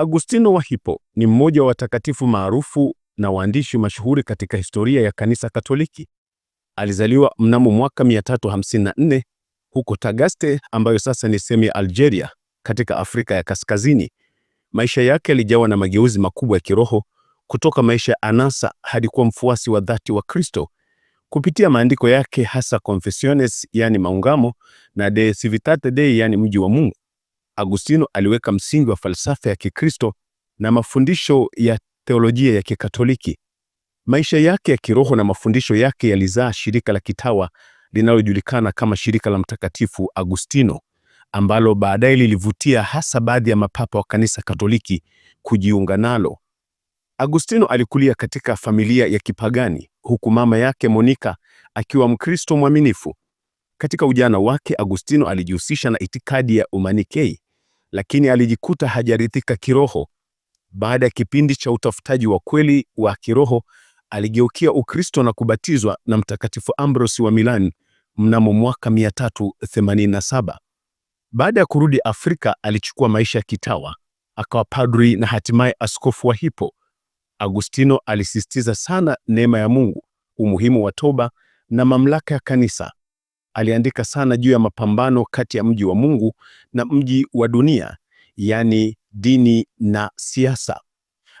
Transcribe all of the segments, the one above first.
Agustino wa Hippo ni mmoja wa watakatifu maarufu na waandishi mashuhuri katika historia ya Kanisa Katoliki. Alizaliwa mnamo mwaka 354 huko Tagaste ambayo sasa ni sehemu ya Algeria katika Afrika ya Kaskazini. Maisha yake yalijawa na mageuzi makubwa ya kiroho, kutoka maisha ya anasa hadi kuwa mfuasi wa dhati wa Kristo. Kupitia maandiko yake hasa Confessiones, yani maungamo, na De Civitate Dei, yani mji wa Mungu, Agustino aliweka msingi wa falsafa ya Kikristo na mafundisho ya teolojia ya Kikatoliki. Maisha yake ya kiroho na mafundisho yake yalizaa shirika la kitawa linalojulikana kama shirika la Mtakatifu Agustino ambalo baadaye lilivutia hasa baadhi ya mapapa wa kanisa Katoliki kujiunga nalo. Agustino alikulia katika familia ya kipagani huku mama yake Monica akiwa Mkristo mwaminifu. Katika ujana wake, Agustino alijihusisha na itikadi ya Umanikei lakini alijikuta hajarithika kiroho. Baada ya kipindi cha utafutaji wa kweli wa kiroho, aligeukia Ukristo na kubatizwa na Mtakatifu ambrosi wa Milan mnamo mwaka 387. Baada ya kurudi Afrika, alichukua maisha ya kitawa, akawa padri na hatimaye askofu wa Hippo. Agustino alisisitiza sana neema ya Mungu, umuhimu wa toba na mamlaka ya kanisa aliandika sana juu ya mapambano kati ya mji wa Mungu na mji wa dunia, yaani dini na siasa,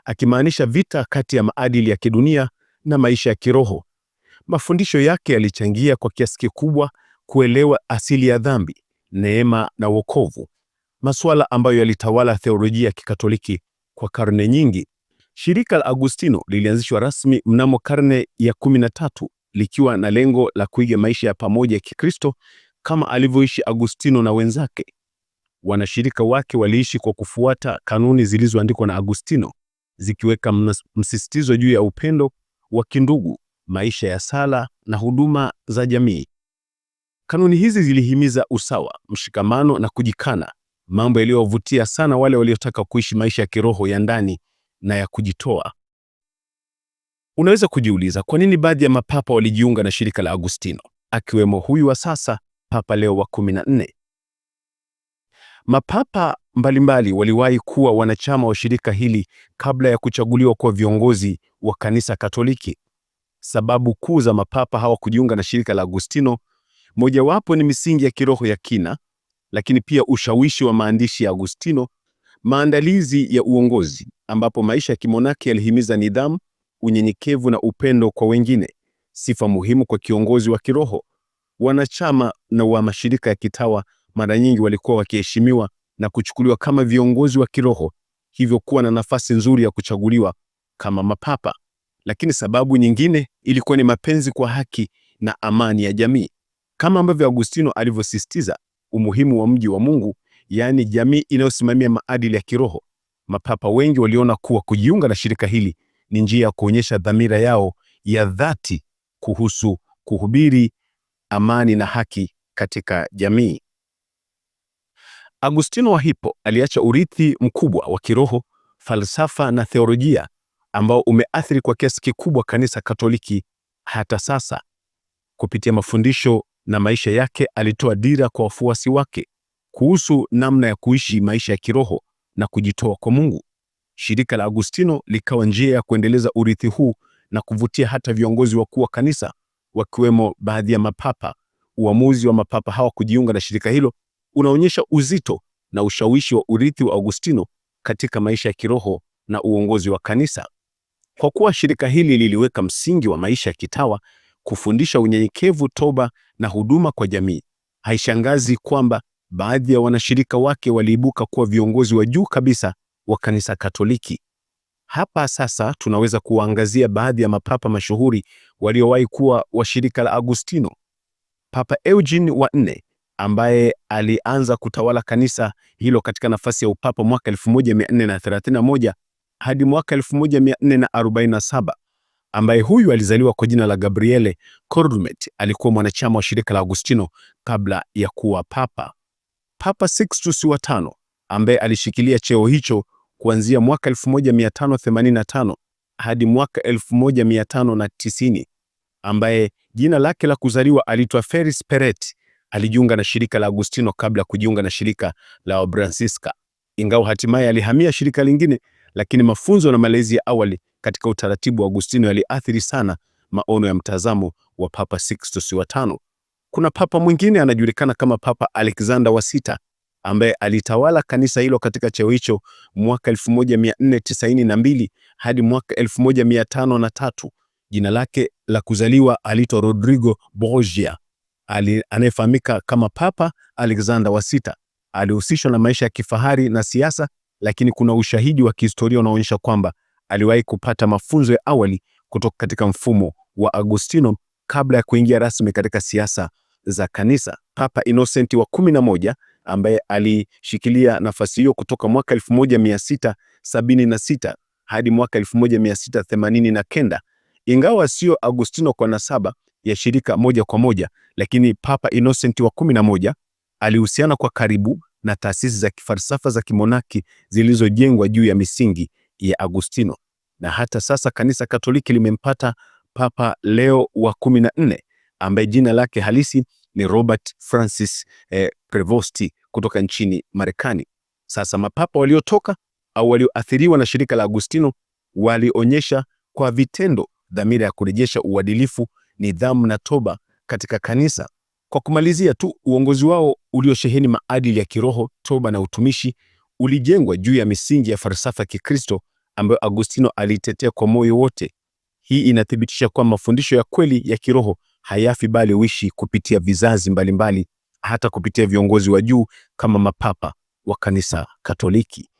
akimaanisha vita kati ya maadili ya kidunia na maisha ya kiroho. Mafundisho yake yalichangia kwa kiasi kikubwa kuelewa asili ya dhambi, neema na wokovu, masuala ambayo yalitawala theolojia ya Kikatoliki kwa karne nyingi. Shirika la Agustino lilianzishwa rasmi mnamo karne ya likiwa na lengo la kuiga maisha ya pamoja ya Kikristo kama alivyoishi Agustino na wenzake. Wanashirika wake waliishi kwa kufuata kanuni zilizoandikwa na Agustino, zikiweka msisitizo juu ya upendo wa kindugu, maisha ya sala na huduma za jamii. Kanuni hizi zilihimiza usawa, mshikamano na kujikana, mambo yaliyowavutia sana wale waliotaka kuishi maisha ya kiroho ya ndani na ya kujitoa. Unaweza kujiuliza kwa nini baadhi ya mapapa walijiunga na shirika la Agustino, akiwemo huyu wa sasa Papa Leo wa 14. Mapapa mbalimbali waliwahi kuwa wanachama wa shirika hili kabla ya kuchaguliwa kwa viongozi wa kanisa Katoliki. Sababu kuu za mapapa hawa kujiunga na shirika la Agustino, mojawapo ni misingi ya kiroho ya kina, lakini pia ushawishi wa maandishi ya Agustino, maandalizi ya uongozi ambapo maisha ya kimonaki yalihimiza nidhamu unyenyekevu na upendo kwa wengine, sifa muhimu kwa kiongozi wa kiroho. Wanachama na wa mashirika ya kitawa mara nyingi walikuwa wakiheshimiwa na kuchukuliwa kama viongozi wa kiroho, hivyo kuwa na nafasi nzuri ya kuchaguliwa kama mapapa. Lakini sababu nyingine ilikuwa ni mapenzi kwa haki na amani ya jamii, kama ambavyo Agustino alivyosisitiza umuhimu wa mji wa Mungu, yaani jamii inayosimamia maadili ya kiroho. Mapapa wengi waliona kuwa kujiunga na shirika hili ni njia ya kuonyesha dhamira yao ya dhati kuhusu kuhubiri amani na haki katika jamii. Agustino wa Hippo aliacha urithi mkubwa wa kiroho, falsafa na theolojia ambao umeathiri kwa kiasi kikubwa kanisa Katoliki hata sasa. Kupitia mafundisho na maisha yake, alitoa dira kwa wafuasi wake kuhusu namna ya kuishi maisha ya kiroho na kujitoa kwa Mungu. Shirika la Agustino likawa njia ya kuendeleza urithi huu na kuvutia hata viongozi wakuu wa kanisa wakiwemo baadhi ya mapapa. Uamuzi wa mapapa hawa kujiunga na shirika hilo unaonyesha uzito na ushawishi wa urithi wa Agustino katika maisha ya kiroho na uongozi wa kanisa. Kwa kuwa shirika hili liliweka msingi wa maisha ya kitawa, kufundisha unyenyekevu, toba na huduma kwa jamii, haishangazi kwamba baadhi ya wanashirika wake waliibuka kuwa viongozi wa juu kabisa wa kanisa Katoliki. Hapa sasa tunaweza kuwaangazia baadhi ya mapapa mashuhuri waliowahi kuwa wa shirika la Agustino. Papa Eugene wa nne ambaye alianza kutawala kanisa hilo katika nafasi ya upapa mwaka 1431 hadi mwaka 1447, ambaye huyu alizaliwa kwa jina la Gabriele Cordumet, alikuwa mwanachama wa shirika la Agustino kabla ya kuwa papa. Papa Sixtus wa tano ambaye alishikilia cheo hicho kuanzia mwaka 1585 hadi mwaka 1590, ambaye jina lake la kuzaliwa aliitwa Ferris Peret. Alijiunga na shirika la Agustino kabla kujiunga na shirika la Obransiska, ingawa hatimaye alihamia shirika lingine, lakini mafunzo na malezi ya awali katika utaratibu wa Agustino yaliathiri sana maono ya mtazamo wa Papa Sixtus wa tano. Kuna papa mwingine anajulikana kama Papa Alexander wa sita ambaye alitawala kanisa hilo katika cheo hicho mwaka 1492 hadi mwaka 1503. Jina lake la kuzaliwa aliitwa Rodrigo Borgia anayefahamika kama Papa Alexander wa sita. Alihusishwa na maisha ya kifahari na siasa, lakini kuna ushahidi wa kihistoria unaoonyesha kwamba aliwahi kupata mafunzo ya awali kutoka katika mfumo wa Agostino kabla ya kuingia rasmi katika siasa za kanisa. Papa Innocent wa moja ambaye alishikilia nafasi hiyo kutoka mwaka 1676 hadi mwaka 1689, ingawa sio Agustino kwa nasaba ya shirika moja kwa moja, lakini Papa Innocent wa 11 alihusiana kwa karibu na taasisi za kifalsafa za kimonaki zilizojengwa juu ya misingi ya Agustino, na hata sasa kanisa Katoliki limempata Papa Leo wa 14 ambaye jina lake halisi ni Robert Francis eh, Prevosti kutoka nchini Marekani. Sasa mapapa waliotoka au walioathiriwa na shirika la Agustino walionyesha kwa vitendo dhamira ya kurejesha uadilifu, nidhamu na toba katika kanisa. Kwa kumalizia tu, uongozi wao uliosheheni maadili ya kiroho, toba na utumishi ulijengwa juu ya misingi ya falsafa ya Kikristo ambayo Agustino alitetea kwa moyo wote. Hii inathibitisha kwamba mafundisho ya kweli ya kiroho hayafi bali huishi kupitia vizazi mbalimbali mbali, hata kupitia viongozi wa juu kama mapapa wa kanisa Katoliki.